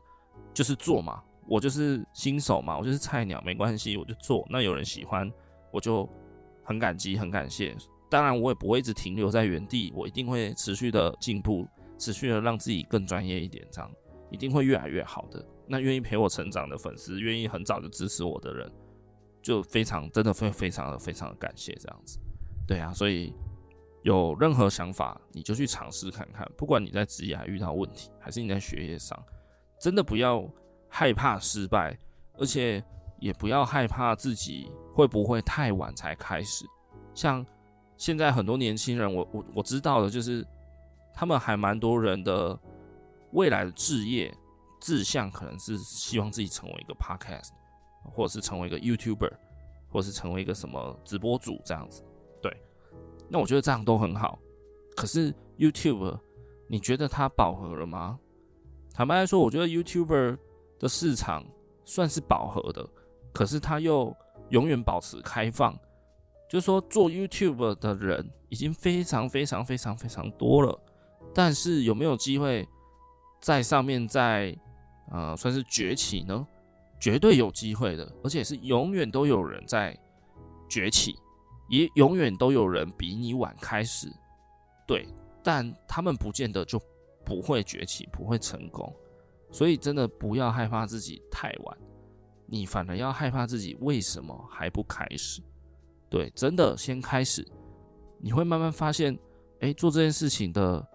就是做嘛，我就是新手嘛，我就是菜鳥，沒關係，我就做。那有人喜歡，我就很感激，很感謝。當然，我也不會一直停留在原地，我一定會持續的進步，持續的讓自己更專業一點，這樣。一定會越來越好的。那願意陪我成長的粉絲，願意很早就支持我的人，就非常真的，非非常的非常的感謝這樣子。對啊，所以有任何想法，你就去嘗試看看。不管你在職業還遇到問題，還是你在學業上，真的不要害怕失敗，而且也不要害怕自己會不會太晚才開始。像現在很多年輕人，我我我知道的就是，他們還蠻多人的。未來的志業志向可能是希望自己成為一個 podcast，或者是成為一個 YouTuber，或者是成為一個什麼直播主這樣子。對，那我覺得這樣都很好。可是 YouTuber，你覺得它飽和了嗎？坦白來說，我覺得 YouTuber 的市場算是飽和的，可是它又永遠保持開放。就是說，做 YouTuber 的人已經非常非常非常非常多了，但是有沒有機會？在上面在，在呃，算是崛起呢，絕對有機會的，而且是永遠都有人在崛起，也永遠都有人比你晚開始，對，但他們不見得就不會崛起，不會成功，所以真的不要害怕自己太晚，你反而要害怕自己為什麼還不開始，對，真的先開始，你會慢慢發現，誒、欸，做這件事情的。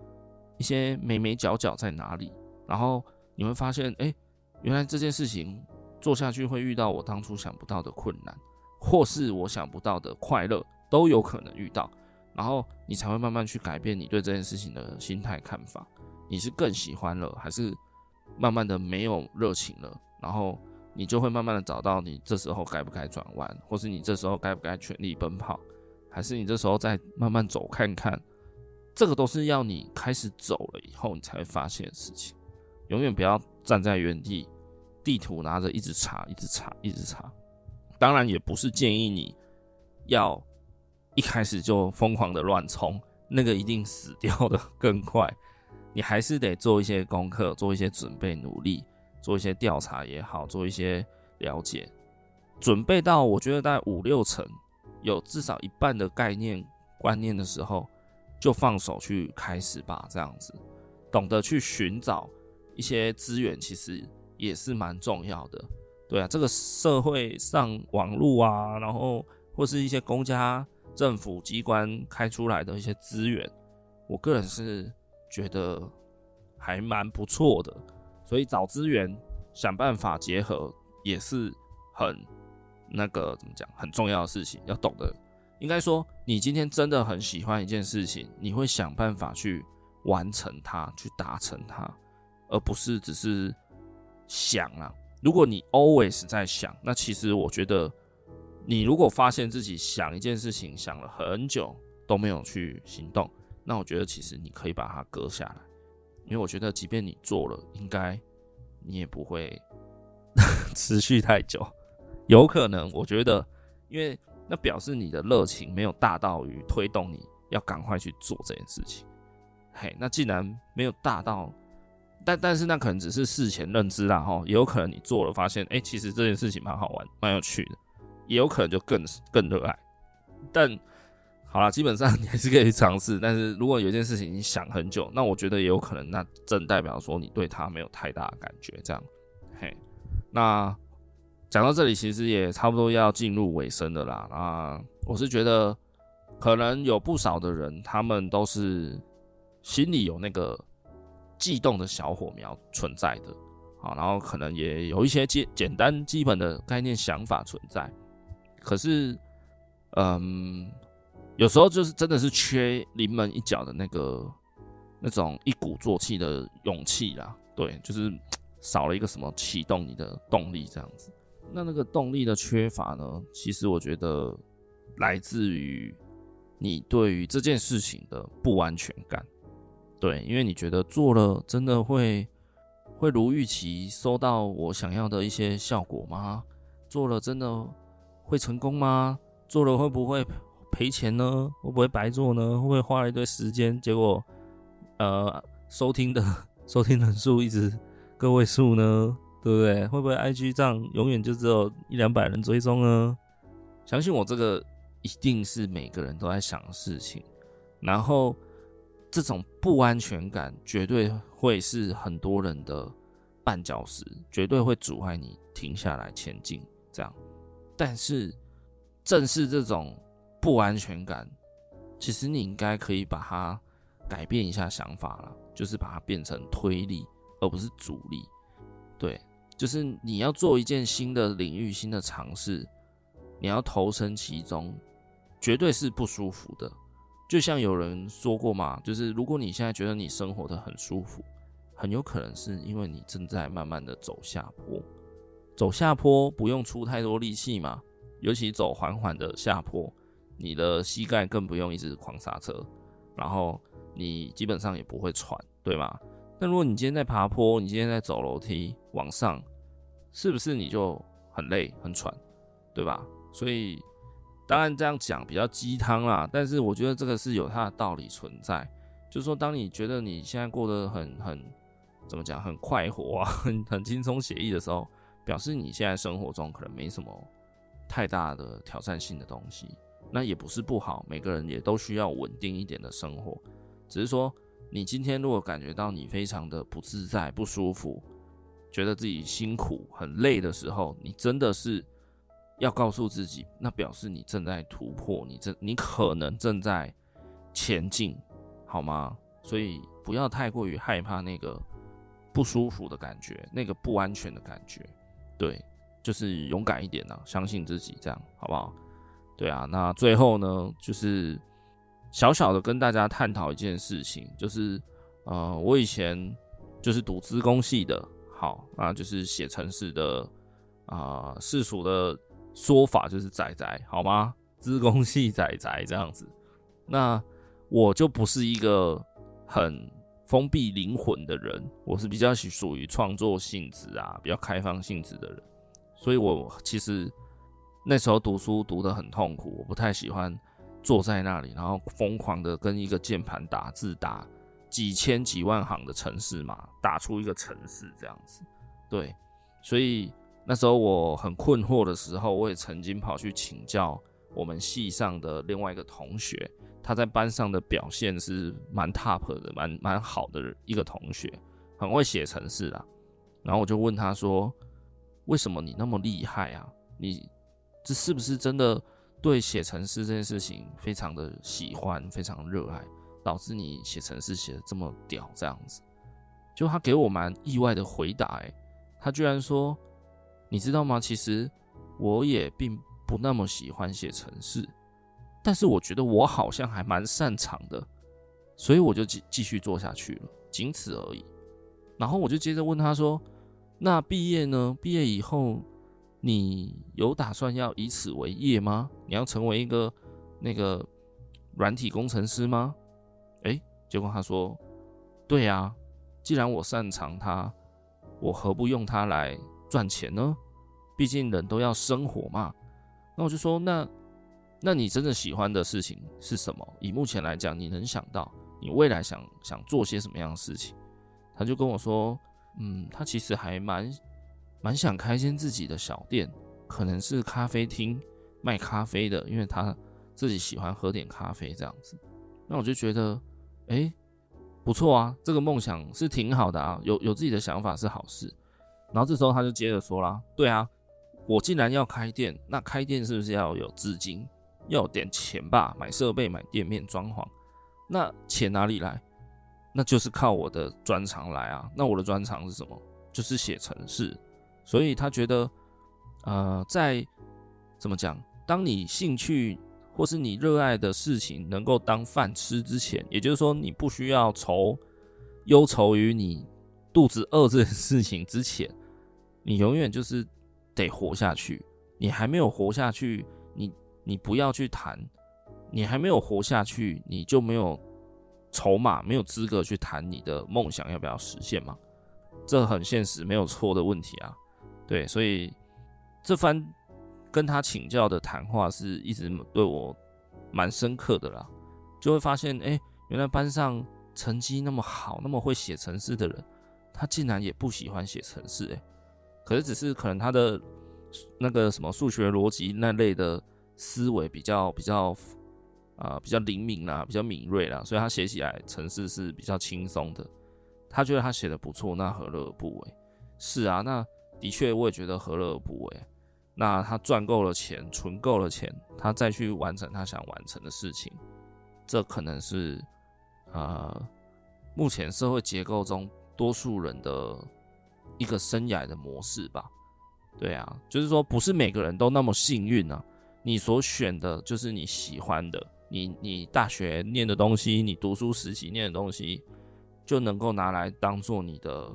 一些眉眉角角在哪裡？然後你會發現，哎、欸，原來這件事情做下去會遇到我當初想不到的困難，或是我想不到的快樂都有可能遇到。然後你才會慢慢去改變你對這件事情的心態看法。你是更喜歡了，還是慢慢的沒有熱情了？然後你就會慢慢的找到你這時候該不該轉彎，或是你這時候該不該全力奔跑，還是你這時候再慢慢走看看。這個都是要你開始走了以後，你才會發現的事情。永遠不要站在原地，地圖拿着一直查，一直查，一直查。當然，也不是建議你要一開始就瘋狂的亂衝，那個一定死掉的更快。你還是得做一些功課，做一些準備，努力做一些調查也好，做一些了解，準備到我覺得大概五六成，有至少一半的概念觀念的時候。就放手去開始吧，這樣子，懂得去尋找一些資源，其實也是蠻重要的。對啊，這個社會上網絡啊，然後或是一些公家政府機關開出來的一些資源，我個人是覺得還蠻不錯的。所以找資源，想辦法結合，也是很那個怎麼講，很重要的事情，要懂得。應該說，你今天真的很喜歡一件事情，你會想辦法去完成它，去達成它，而不是只是想啊。如果你 always 在想，那其實我覺得，你如果發現自己想一件事情，想了很久，都沒有去行動，那我覺得其實你可以把它割下來，因為我覺得，即便你做了，應該你也不會 持續太久。有可能，我覺得，因為。那表示你的熱情沒有大到於推動你要趕快去做這件事情，嘿，那既然沒有大到但，但但是那可能只是事前認知啦，哈，也有可能你做了發現，誒、欸，其實這件事情蠻好玩，蠻有趣的，也有可能就更更熱愛。但好啦，基本上你還是可以嘗試。但是如果有一件事情你想很久，那我覺得也有可能，那正代表說你對它沒有太大的感覺，這樣，嘿，那。講到這裡，其實也差不多要進入尾聲了啦。啊，我是覺得可能有不少的人，他們都是心裡有那個悸動的小火苗存在的，啊，然後可能也有一些簡簡單基本的概念想法存在。可是，嗯，有時候就是真的是缺臨門一腳的那個那種一鼓作氣的勇氣啦，對，就是少了一個什麼啟動你的動力這樣子。那那個動力的缺乏呢，其實我覺得，來自於你對於這件事情的不安全感，對，因為你覺得做了真的會會如預期收到我想要的一些效果嗎？做了真的會成功嗎？做了會不會賠錢呢？會不會白做呢？會不會花了一堆時間，結果呃收聽的收聽人數一直個位數呢？對不對？會不會 I G 賬永遠就只有一兩百人追蹤呢？相信我，這個一定是每個人都在想的事情。然後，這種不安全感絕對會是很多人的絆腳石，絕對會阻礙你停下來前進。這樣，但是正是這種不安全感，其實你應該可以把它改變一下想法了，就是把它變成推力，而不是阻力。對。就是你要做一件新的領域、新的嘗試，你要投身其中，絕對是不舒服的。就像有人說過嘛，就是如果你現在覺得你生活得很舒服，很有可能是因為你正在慢慢的走下坡，走下坡不用出太多力氣嘛，尤其走緩緩的下坡，你的膝蓋更不用一直狂剎車，然後你基本上也不會喘，對嗎？那如果你今天在爬坡，你今天在走樓梯往上，是不是你就很累很喘，對吧？所以當然這樣講比較雞湯啦，但是我覺得這個是有它的道理存在。就是說，當你覺得你現在過得很很怎麼講，很快活啊，很很輕鬆寫意的時候，表示你現在生活中可能沒什麼太大的挑戰性的東西。那也不是不好，每個人也都需要穩定一點的生活，只是說。你今天如果感覺到你非常的不自在、不舒服，覺得自己辛苦、很累的時候，你真的是要告訴自己，那表示你正在突破，你正你可能正在前進，好嗎？所以不要太過於害怕那個不舒服的感覺，那個不安全的感覺，對，就是勇敢一點啊，相信自己這樣好不好？對啊，那最後呢，就是。小小的跟大家探討一件事情，就是，呃，我以前就是讀資工系的，好啊，就是寫程式的啊，呃、世俗的說法就是宅宅好嗎？資工系宅宅這樣子，那我就不是一個很封閉靈魂的人，我是比較屬於創作性質啊，比較開放性質的人，所以我其實那時候讀書讀得很痛苦，我不太喜歡。坐在那裡，然後瘋狂的跟一個鍵盤打字，打幾千幾萬行的程式碼，打出一個程式這樣子。對，所以那時候我很困惑的時候，我也曾經跑去請教我們系上的另外一個同學，他在班上的表現是蠻 top 的，蠻蠻好的一個同學，很會寫程式啦。然後我就問他說：“為什麼你那麼厲害啊？你這是不是真的？”對寫程式這件事情非常的喜歡，非常熱愛，導致你寫程式寫得這麼屌這樣子。就他給我蠻意外的回答，他居然說，你知道嗎？其實我也並不那麼喜歡寫程式，但是我覺得我好像還蠻擅長的，所以我就繼繼續做下去了，僅此而已。然後我就接着問他說，那畢業呢？畢業以後，你有打算要以此為業嗎？你要成為一個那個軟體工程師嗎？誒，結果他說，對呀，既然我擅長它，我何不用它來賺錢呢？畢竟人都要生活嘛。那我就說，那那你真正喜歡的事情是什麼？以目前來講，你能想到你未來想想做些什麼樣的事情？他就跟我說，嗯，他其實還蠻蠻想開間自己的小店，可能是咖啡廳賣咖啡的，因為他自己喜歡喝點咖啡這樣子。那我就覺得，哎、欸，不錯啊，這個夢想是挺好的啊，有有自己的想法是好事。然後這時候他就接着說啦，對啊，我既然要開店，那開店是不是要有資金，要有點錢吧，買設備、買店面、裝潢。那錢哪裡來？那就是靠我的專長來啊。那我的專長是什麼？就是寫程式。所以他覺得，呃，在怎麼講？當你興趣或是你熱愛的事情能夠當飯吃之前，也就是說，你不需要愁憂愁於你肚子餓這件事情之前，你永遠就是得活下去。你還沒有活下去，你你不要去談。你還沒有活下去，你就沒有籌碼，沒有資格去談你的夢想要不要實現嘛，這很現實，沒有錯的問題啊。對，所以這番跟他請教的談話是一直對我蠻深刻的啦，就會發現，哎，原來班上成績那麼好、那麼會寫程式的人，他竟然也不喜歡寫程式，哎，可是只是可能他的那個什麼數學邏輯那類的思維比較比較、呃、啊，比較靈敏啦，比較敏銳啦，所以他寫起來程式，是比較輕鬆的，他覺得他寫得不錯，那何樂而不為？是啊，那。的確，我也覺得何樂而不為。那他賺夠了錢，存夠了錢，他再去完成他想完成的事情，這可能是呃目前社會結構中多數人的一個生涯的模式吧。對啊，就是說不是每個人都那麼幸運啊。你所選的就是你喜歡的，你你大學念的東西，你讀書實習念的東西，就能夠拿來當做你的。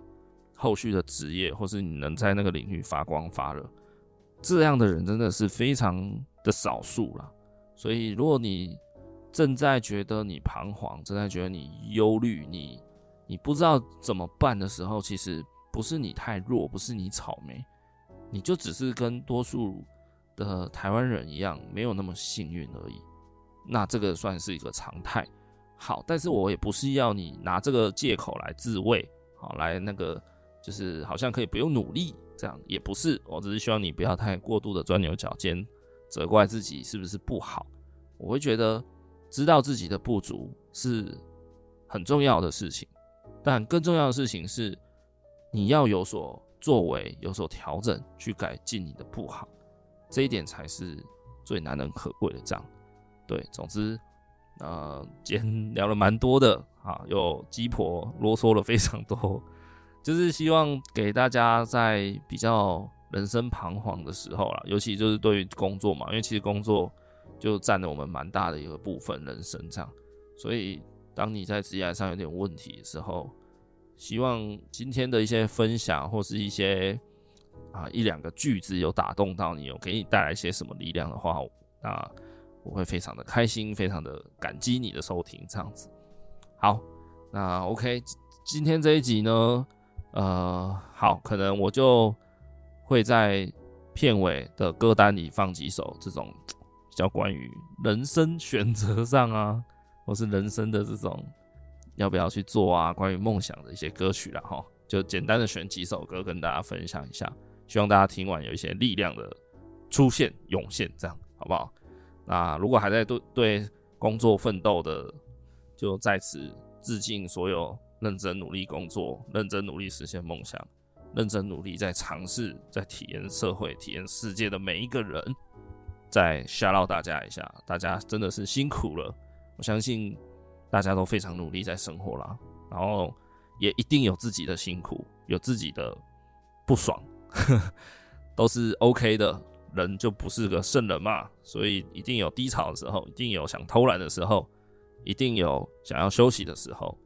後續的職業，或是你能在那個領域發光發熱，這樣的人真的是非常的少數了。所以，如果你正在覺得你彷徨，正在覺得你憂慮，你你不知道怎麼辦的時候，其實不是你太弱，不是你草莓，你就只是跟多數的台灣人一樣，沒有那麼幸運而已。那這個算是一個常態。好，但是我也不是要你拿這個借口來自慰，好，來那個。就是好像可以不用努力，這樣也不是，我只是希望你不要太過度的鑽牛角尖，責怪自己是不是不好。我會覺得知道自己的不足是很重要的事情，但更重要的事情是你要有所作為，有所調整，去改進你的不好，這一點才是最難能可貴的。這樣，對，總之，呃，今天聊了蠻多的啊，有雞婆囉嗦了非常多。就是希望給大家在比較人生彷徨的時候啦，尤其就是對於工作嘛，因為其實工作就占了我們蠻大的一個部分人生上。所以當你在職業上有點問題的時候，希望今天的一些分享或是一些啊一兩個句子有打動到你，有給你帶來一些什麼力量的話，那我會非常的開心，非常的感激你的收聽這樣子。好，那 OK，今天這一集呢。呃，好，可能我就會在片尾的歌單裡放幾首這種比較關於人生選擇上啊，或是人生的這種要不要去做啊，關於夢想的一些歌曲啦齁，就簡單的選幾首歌跟大家分享一下，希望大家聽完有一些力量的出現湧現，這樣好不好？那如果還在對對工作奮鬥的，就在此致敬所有，認真努力工作，認真努力實現夢想，認真努力在嘗試、在體驗社會、體驗世界的每一個人，再 shout out 大家一下，大家真的是辛苦了。我相信大家都非常努力在生活啦，然後也一定有自己的辛苦，有自己的不爽， 都是 OK 的。人就不是個聖人嘛，所以一定有低潮的時候，一定有想偷懶的時候，一定有想要休息的時候。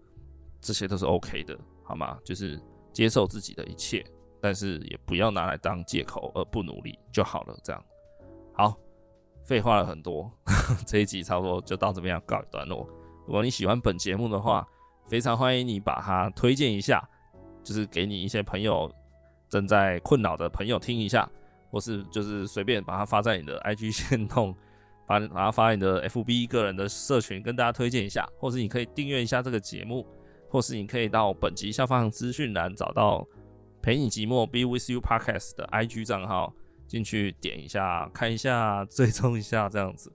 這些都是 OK 的，好嗎？就是接受自己的一切，但是也不要拿來當借口而不努力就好了。這樣，好，廢話了很多呵呵，這一集差不多就到這邊告一段落。如果你喜歡本節目的話，非常歡迎你把它推薦一下，就是給你一些朋友，正在困擾的朋友聽一下，或是就是隨便把它發在你的 IG 限動，把把它發在你的 FB 個人的社群，跟大家推薦一下，或是你可以訂閱一下這個節目。或是你可以到本集下方資訊欄找到陪你寂寞 Be With You Podcast 的 IG 賬號進去點一下，看一下，追蹤一下這樣子。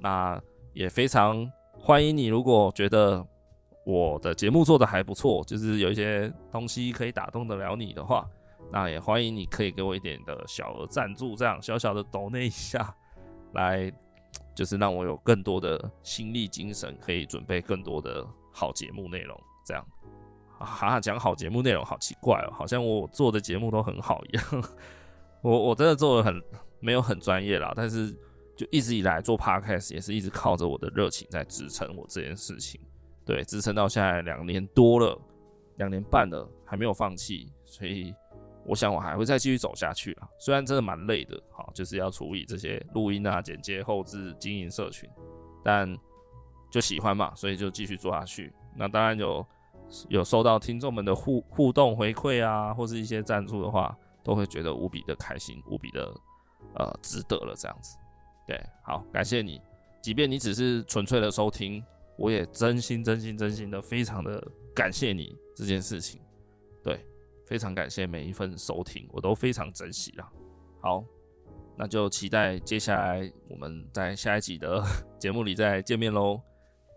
那也非常歡迎你，如果覺得我的節目做的還不錯，就是有一些東西可以打動得了你的話，那也歡迎你可以給我一點的小額贊助，這樣小小的 donate 一下，來就是讓我有更多的心力、精神可以準備更多的好節目內容。這樣，哈、啊，講、啊、好節目內容好奇怪哦，好像我做的節目都很好一樣。 我我真的做的很沒有很專業啦，但是就一直以來做 podcast 也是一直靠着我的熱情在支撐我這件事情，對，支撐到現在兩年多了，兩年半了還沒有放棄，所以我想我還會再繼續走下去啊。雖然真的蠻累的，好，就是要處理這些錄音啊、剪接、後製、經營社群，但就喜歡嘛，所以就繼續做下去。那當然有。有收到聽眾們的互互動回饋啊，或是一些贊助的話，都會覺得無比的開心，無比的呃值得了這樣子。對，好，感謝你，即便你只是純粹的收聽，我也真心真心真心的非常的感謝你這件事情。對，非常感謝每一份收聽，我都非常珍惜啦。好，那就期待接下來我們在下一集的節目裡再見面嘍。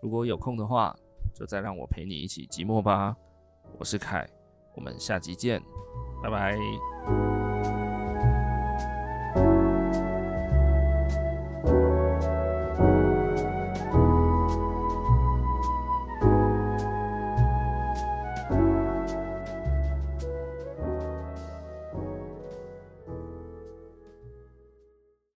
如果有空的話。就再讓我陪你一起寂寞吧，我是凱，我們下集見，拜拜。